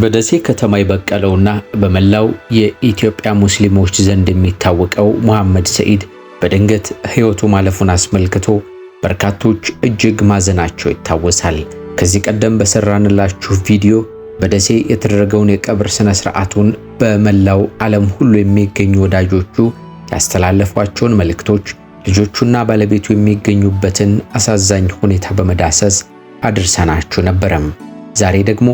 በደሴ ከተማ የበቀለውና በመላው የኢትዮጵያ ሙስሊሞች ዘንድ የሚታወቀው መሐመድ ሰዒድ በድንገት ሕይወቱ ማለፉን አስመልክቶ በርካቶች እጅግ ማዘናቸው ይታወሳል። ከዚህ ቀደም በሰራንላችሁ ቪዲዮ በደሴ የተደረገውን የቀብር ስነ ስርዓቱን በመላው ዓለም ሁሉ የሚገኙ ወዳጆቹ ያስተላለፏቸውን መልእክቶች፣ ልጆቹና ባለቤቱ የሚገኙበትን አሳዛኝ ሁኔታ በመዳሰስ አድርሰናችሁ ነበረም። ዛሬ ደግሞ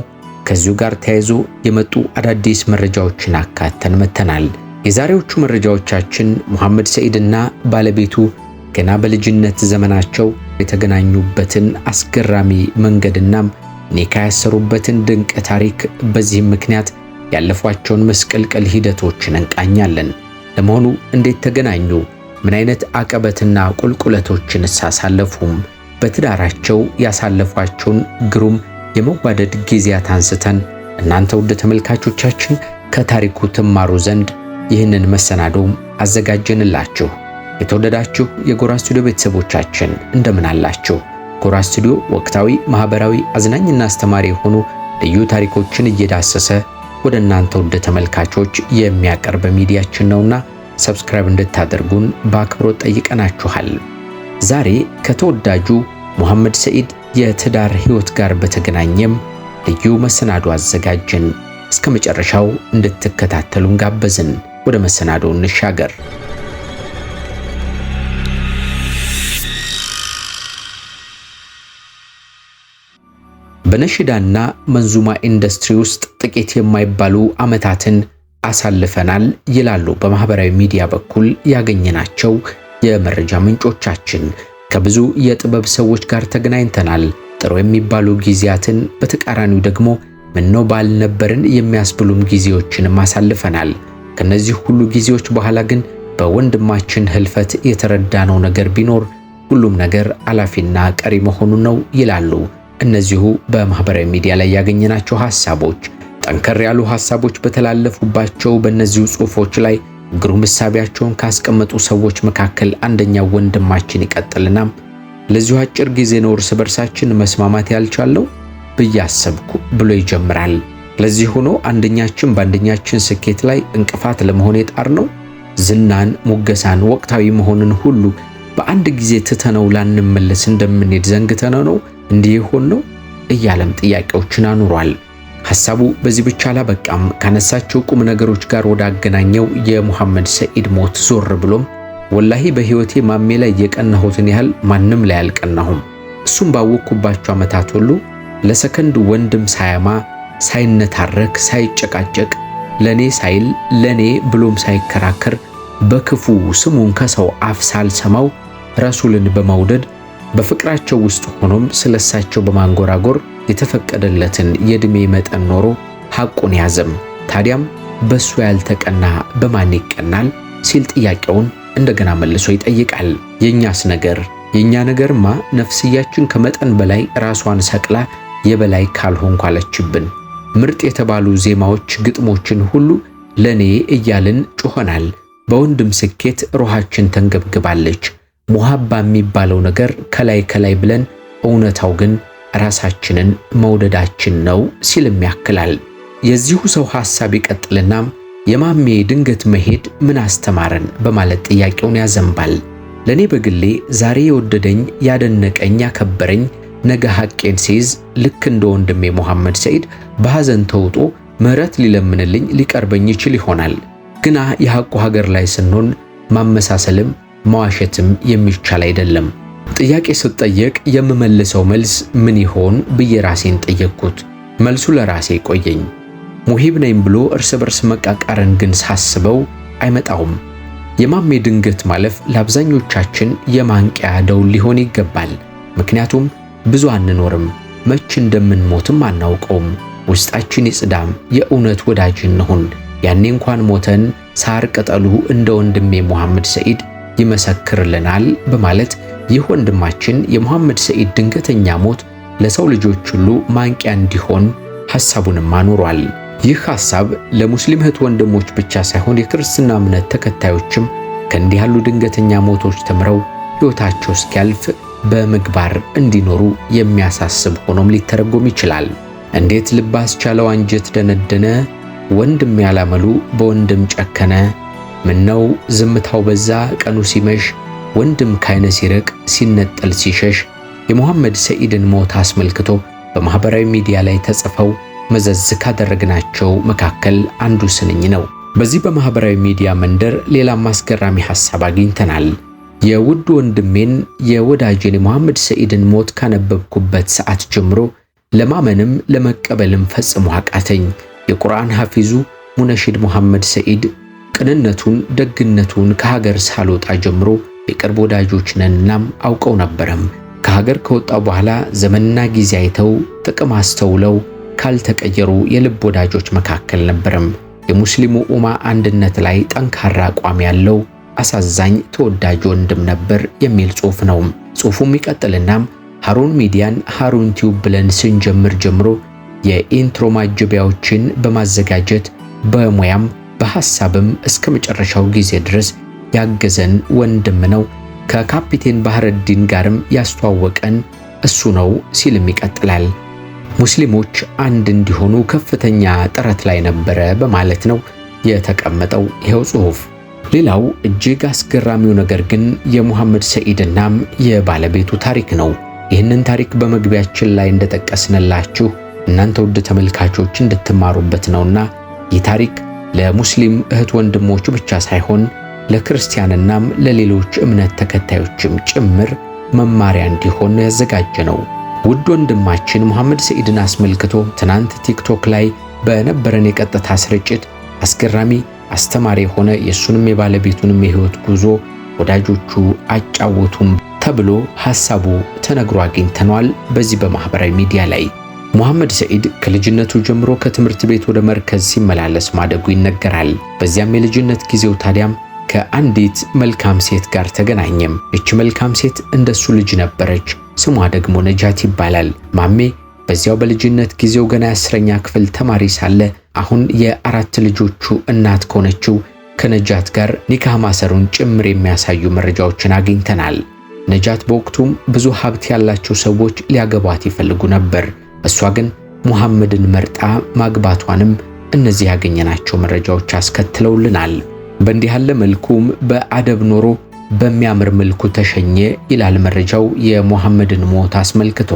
ከዚሁ ጋር ተያይዞ የመጡ አዳዲስ መረጃዎችን አካተን መተናል። የዛሬዎቹ መረጃዎቻችን ሙሐመድ ሰኢድና ባለቤቱ ገና በልጅነት ዘመናቸው የተገናኙበትን አስገራሚ መንገድናም ኒካ ያሰሩበትን ድንቅ ታሪክ፣ በዚህም ምክንያት ያለፏቸውን መስቀልቀል ሂደቶችን እንቃኛለን። ለመሆኑ እንዴት ተገናኙ? ምን አይነት አቀበትና ቁልቁለቶችን ሳሳለፉም በትዳራቸው ያሳለፏቸውን ግሩም የመዋደድ ጊዜያት አንስተን እናንተ ውድ ተመልካቾቻችን ከታሪኩ ትማሩ ዘንድ ይህንን መሰናዶ አዘጋጀንላችሁ። የተወደዳችሁ የጎራ ስቱዲዮ ቤተሰቦቻችን እንደምን አላችሁ? ጎራ ስቱዲዮ ወቅታዊ፣ ማህበራዊ፣ አዝናኝና አስተማሪ የሆኑ ልዩ ታሪኮችን እየዳሰሰ ወደ እናንተ ውድ ተመልካቾች የሚያቀርብ ሚዲያችን ነውና ሰብስክራይብ እንድታደርጉን በአክብሮት ጠይቀናችኋል። ዛሬ ከተወዳጁ ሙሐመድ ሰኢድ የትዳር ህይወት ጋር በተገናኘም ልዩ መሰናዶ አዘጋጅን። እስከ መጨረሻው እንድትከታተሉን ጋበዝን። ወደ መሰናዶው እንሻገር። በነሽዳና መንዙማ ኢንዱስትሪ ውስጥ ጥቂት የማይባሉ ዓመታትን አሳልፈናል ይላሉ በማህበራዊ ሚዲያ በኩል ያገኘናቸው የመረጃ ምንጮቻችን። ከብዙ የጥበብ ሰዎች ጋር ተገናኝተናል። ጥሩ የሚባሉ ጊዜያትን፣ በተቃራኒው ደግሞ ምነው ባልነበርን የሚያስብሉም ጊዜዎችንም አሳልፈናል። ከነዚህ ሁሉ ጊዜዎች በኋላ ግን በወንድማችን ህልፈት የተረዳነው ነገር ቢኖር ሁሉም ነገር አላፊና ቀሪ መሆኑን ነው ይላሉ እነዚሁ በማህበራዊ ሚዲያ ላይ ያገኘናቸው ሐሳቦች። ጠንከር ያሉ ሐሳቦች በተላለፉባቸው በእነዚሁ ጽሑፎች ላይ ግሩም እሳቢያቸውን ካስቀመጡ ሰዎች መካከል አንደኛው ወንድማችን ይቀጥልና ለዚሁ አጭር ጊዜ ነው እርስ በርሳችን መስማማት ያልቻለው ብያሰብኩ ብሎ ይጀምራል። ለዚህ ሆኖ አንደኛችን በአንደኛችን ስኬት ላይ እንቅፋት ለመሆን የጣርነው ዝናን፣ ሙገሳን፣ ወቅታዊ መሆንን ሁሉ በአንድ ጊዜ ትተነው ላንመለስ እንደምንሄድ ዘንግተነው ነው እንዲህ የሆን ነው እያለም ጥያቄዎችን አኑሯል። ሀሳቡ በዚህ ብቻ አላበቃም። ካነሳቸው ቁም ነገሮች ጋር ወዳገናኘው የሙሐመድ ሰኢድ ሞት ዞር ብሎም ወላሂ በህይወቴ ማሜ ላይ የቀናሁትን ያህል ማንም ላይ አልቀናሁም። እሱም ባወቅኩባቸው ዓመታት ሁሉ ለሰከንድ ወንድም ሳያማ ሳይነታረክ ሳይጨቃጨቅ ለኔ ሳይል ለኔ ብሎም ሳይከራከር በክፉ ስሙን ከሰው አፍ ሳልሰማው ረሱልን በመውደድ በፍቅራቸው ውስጥ ሆኖም ስለሳቸው በማንጎራጎር የተፈቀደለትን የእድሜ መጠን ኖሮ ሐቁን ያዘም። ታዲያም በእሱ ያልተቀና በማን ይቀናል ሲል ጥያቄውን እንደገና መልሶ ይጠይቃል። የእኛስ ነገር የእኛ ነገርማ ነፍስያችን ከመጠን በላይ ራሷን ሰቅላ የበላይ ካልሆንኩ አለችብን። ምርጥ የተባሉ ዜማዎች፣ ግጥሞችን ሁሉ ለኔ እያልን ጮሆናል። በወንድም ስኬት ሩሃችን ተንገብግባለች። ሙሃባ የሚባለው ነገር ከላይ ከላይ ብለን እውነታው ግን ራሳችንን መውደዳችን ነው ሲልም ያክላል። የዚሁ ሰው ሐሳብ ይቀጥልና የማሜ ድንገት መሄድ ምን አስተማረን በማለት ጥያቄውን ያዘንባል። ለእኔ በግሌ ዛሬ የወደደኝ ያደነቀኝ፣ ያከበረኝ ነገ ሐቄን ሲይዝ ልክ እንደ ወንድሜ መሐመድ ሰይድ በሐዘን ተውጦ ምሕረት ሊለምንልኝ ሊቀርበኝ ይችል ይሆናል። ግና የሐቁ ሀገር ላይ ስንሆን ማመሳሰልም መዋሸትም የሚቻል አይደለም። ጥያቄ ስጠየቅ የምመልሰው መልስ ምን ይሆን ብዬ ራሴን ጠየቅኩት። መልሱ ለራሴ ቆየኝ። ሙሂብ ነኝ ብሎ እርስ በርስ መቃቃርን ግን ሳስበው አይመጣውም። የማሜ ድንገት ማለፍ ለአብዛኞቻችን የማንቂያ ደውል ሊሆን ይገባል። ምክንያቱም ብዙ አንኖርም፣ መች እንደምንሞትም አናውቀውም። ውስጣችን ይጽዳም፣ የእውነት ወዳጅ እንሁን። ያኔ እንኳን ሞተን ሳር ቅጠሉ እንደ ወንድሜ ሙሐመድ ሰዒድ ይመሰክርልናል በማለት ይህ ወንድማችን የሙሐመድ ሰዒድ ድንገተኛ ሞት ለሰው ልጆች ሁሉ ማንቂያ እንዲሆን ሐሳቡንም አኑሯል። ይህ ሐሳብ ለሙስሊም እህት ወንድሞች ብቻ ሳይሆን የክርስትና እምነት ተከታዮችም ከእንዲህ ያሉ ድንገተኛ ሞቶች ተምረው ሕይወታቸው እስኪያልፍ በምግባር እንዲኖሩ የሚያሳስብ ሆኖም ሊተረጎም ይችላል። እንዴት ልብ አስቻለው አንጀት ደነደነ፣ ወንድም ያላመሉ በወንድም ጨከነ፣ ምነው ዝምታው በዛ ቀኑ ሲመሽ ወንድም ካይነ ሲርቅ ሲነጠል ሲሸሽ የሙሐመድ ሰኢድን ሞት አስመልክቶ በማህበራዊ ሚዲያ ላይ ተጽፈው መዘዝ ካደረግናቸው መካከል አንዱ ስንኝ ነው። በዚህ በማህበራዊ ሚዲያ መንደር ሌላም አስገራሚ ሐሳብ አግኝተናል። የውድ ወንድሜን የወዳጄን የሙሐመድ ሰኢድን ሞት ካነበብኩበት ሰዓት ጀምሮ ለማመንም ለመቀበልም ፈጽሞ አቃተኝ። የቁርአን ሐፊዙ ሙነሽድ ሙሐመድ ሰኢድ ቅንነቱን፣ ደግነቱን ከሀገር ሳልወጣ ጀምሮ የቅርብ ወዳጆች ነንናም አውቀው ነበረም። ከሀገር ከወጣ በኋላ ዘመንና ጊዜ አይተው ጥቅም አስተውለው ካልተቀየሩ የልብ ወዳጆች መካከል ነበረም። የሙስሊሙ ኡማ አንድነት ላይ ጠንካራ አቋም ያለው አሳዛኝ ተወዳጅ ወንድም ነበር የሚል ጽሑፍ ነው። ጽሑፉም ይቀጥልናም ሃሩን ሚዲያን ሃሩን ቲዩብ ብለን ስንጀምር ጀምሮ የኢንትሮ ማጀቢያዎችን በማዘጋጀት በሙያም በሐሳብም እስከ መጨረሻው ጊዜ ድረስ ያገዘን ወንድም ነው። ከካፒቴን ባህረዲን ጋርም ያስተዋወቀን እሱ ነው ሲልም ይቀጥላል። ሙስሊሞች አንድ እንዲሆኑ ከፍተኛ ጥረት ላይ ነበረ በማለት ነው የተቀመጠው ይኸው ጽሑፍ። ሌላው እጅግ አስገራሚው ነገር ግን የሙሐመድ ሰኢድናም የባለቤቱ ታሪክ ነው። ይህንን ታሪክ በመግቢያችን ላይ እንደጠቀስንላችሁ እናንተ ውድ ተመልካቾች እንድትማሩበት ነውና ይህ ታሪክ ለሙስሊም እህት ወንድሞች ብቻ ሳይሆን ለክርስቲያንናም ለሌሎች እምነት ተከታዮችም ጭምር መማሪያ እንዲሆን ያዘጋጀ ነው። ውድ ወንድማችን መሐመድ ሰኢድን አስመልክቶ ትናንት ቲክቶክ ላይ በነበረን የቀጥታ ስርጭት አስገራሚ አስተማሪ የሆነ የእሱንም የባለቤቱንም የህይወት ጉዞ ወዳጆቹ አጫወቱም ተብሎ ሐሳቡ ተነግሮ አግኝተነዋል። በዚህ በማኅበራዊ ሚዲያ ላይ ሙሐመድ ሰኢድ ከልጅነቱ ጀምሮ ከትምህርት ቤት ወደ መርከዝ ሲመላለስ ማደጉ ይነገራል። በዚያም የልጅነት ጊዜው ታዲያም ከአንዲት መልካም ሴት ጋር ተገናኘም። እች መልካም ሴት እንደሱ ልጅ ነበረች። ስሟ ደግሞ ነጃት ይባላል። ማሜ በዚያው በልጅነት ጊዜው ገና የአስረኛ ክፍል ተማሪ ሳለ አሁን የአራት ልጆቹ እናት ከሆነችው ከነጃት ጋር ኒካህ ማሰሩን ጭምር የሚያሳዩ መረጃዎችን አግኝተናል። ነጃት በወቅቱም ብዙ ሀብት ያላቸው ሰዎች ሊያገቧት ይፈልጉ ነበር። እሷ ግን ሙሐመድን መርጣ ማግባቷንም እነዚህ ያገኘናቸው መረጃዎች አስከትለውልናል። በእንዲህ ያለ መልኩም በአደብ ኖሮ በሚያምር መልኩ ተሸኘ ይላል መረጃው የሙሐመድን ሞት አስመልክቶ።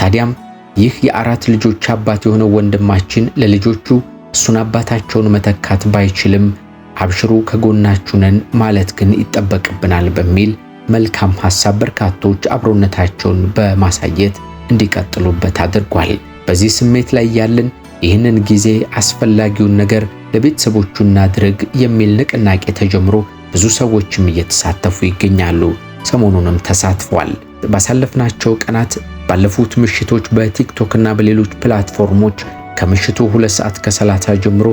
ታዲያም ይህ የአራት ልጆች አባት የሆነው ወንድማችን ለልጆቹ እሱን አባታቸውን መተካት ባይችልም አብሽሩ ከጎናችሁ ነን ማለት ግን ይጠበቅብናል በሚል መልካም ሐሳብ በርካቶች አብሮነታቸውን በማሳየት እንዲቀጥሉበት አድርጓል። በዚህ ስሜት ላይ ያለን ይህንን ጊዜ አስፈላጊውን ነገር ለቤተሰቦቹ እናድርግ የሚል ንቅናቄ ተጀምሮ ብዙ ሰዎችም እየተሳተፉ ይገኛሉ። ሰሞኑንም ተሳትፏል። ባሳለፍናቸው ቀናት ባለፉት ምሽቶች በቲክቶክ እና በሌሎች ፕላትፎርሞች ከምሽቱ ሁለት ሰዓት ከሰላሳ ጀምሮ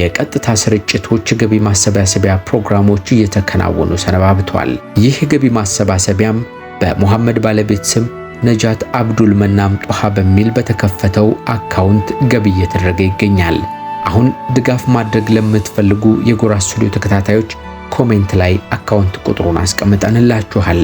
የቀጥታ ስርጭቶች ገቢ ማሰባሰቢያ ፕሮግራሞች እየተከናወኑ ሰነባብተዋል። ይህ ገቢ ማሰባሰቢያም በሙሐመድ ባለቤት ስም ነጃት አብዱል መናም ጦሃ በሚል በተከፈተው አካውንት ገቢ እየተደረገ ይገኛል። አሁን ድጋፍ ማድረግ ለምትፈልጉ የጎራ ስቱዲዮ ተከታታዮች ኮሜንት ላይ አካውንት ቁጥሩን አስቀምጠንላችኋል።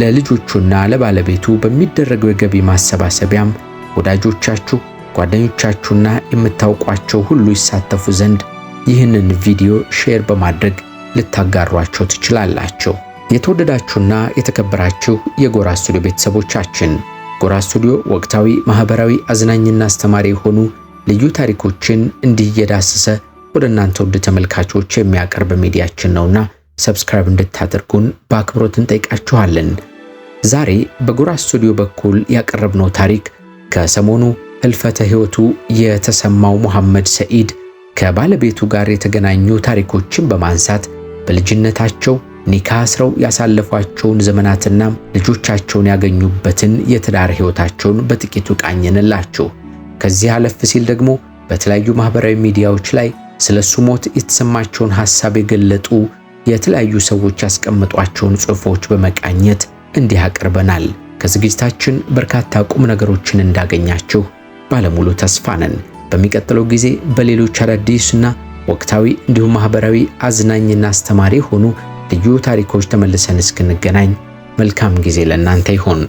ለልጆቹና ለባለቤቱ በሚደረገው የገቢ ማሰባሰቢያም ወዳጆቻችሁ፣ ጓደኞቻችሁና የምታውቋቸው ሁሉ ይሳተፉ ዘንድ ይህንን ቪዲዮ ሼር በማድረግ ልታጋሯቸው ትችላላችሁ። የተወደዳችሁና የተከበራችሁ የጎራ ስቱዲዮ ቤተሰቦቻችን ጎራ ስቱዲዮ ወቅታዊ፣ ማህበራዊ፣ አዝናኝና አስተማሪ የሆኑ ልዩ ታሪኮችን እንዲህ እየዳሰሰ ወደ እናንተ ውድ ተመልካቾች የሚያቀርብ ሚዲያችን ነውና ሰብስክራይብ እንድታደርጉን በአክብሮት እንጠይቃችኋለን። ዛሬ በጎራ ስቱዲዮ በኩል ያቀረብነው ታሪክ ከሰሞኑ ህልፈተ ህይወቱ የተሰማው መሐመድ ሰዒድ ከባለቤቱ ጋር የተገናኙ ታሪኮችን በማንሳት በልጅነታቸው ኒካ አስረው ያሳለፏቸውን ዘመናትና ልጆቻቸውን ያገኙበትን የትዳር ህይወታቸውን በጥቂቱ ቃኘንላችሁ። ከዚህ አለፍ ሲል ደግሞ በተለያዩ ማህበራዊ ሚዲያዎች ላይ ስለ እሱ ሞት የተሰማቸውን ሐሳብ የገለጡ የተለያዩ ሰዎች ያስቀመጧቸውን ጽሑፎች በመቃኘት እንዲህ አቅርበናል። ከዝግጅታችን በርካታ ቁም ነገሮችን እንዳገኛችሁ ባለሙሉ ተስፋ ነን። በሚቀጥለው ጊዜ በሌሎች አዳዲስና ወቅታዊ እንዲሁም ማህበራዊ አዝናኝና አስተማሪ የሆኑ ልዩ ታሪኮች ተመልሰን እስክንገናኝ መልካም ጊዜ ለእናንተ ይሆን።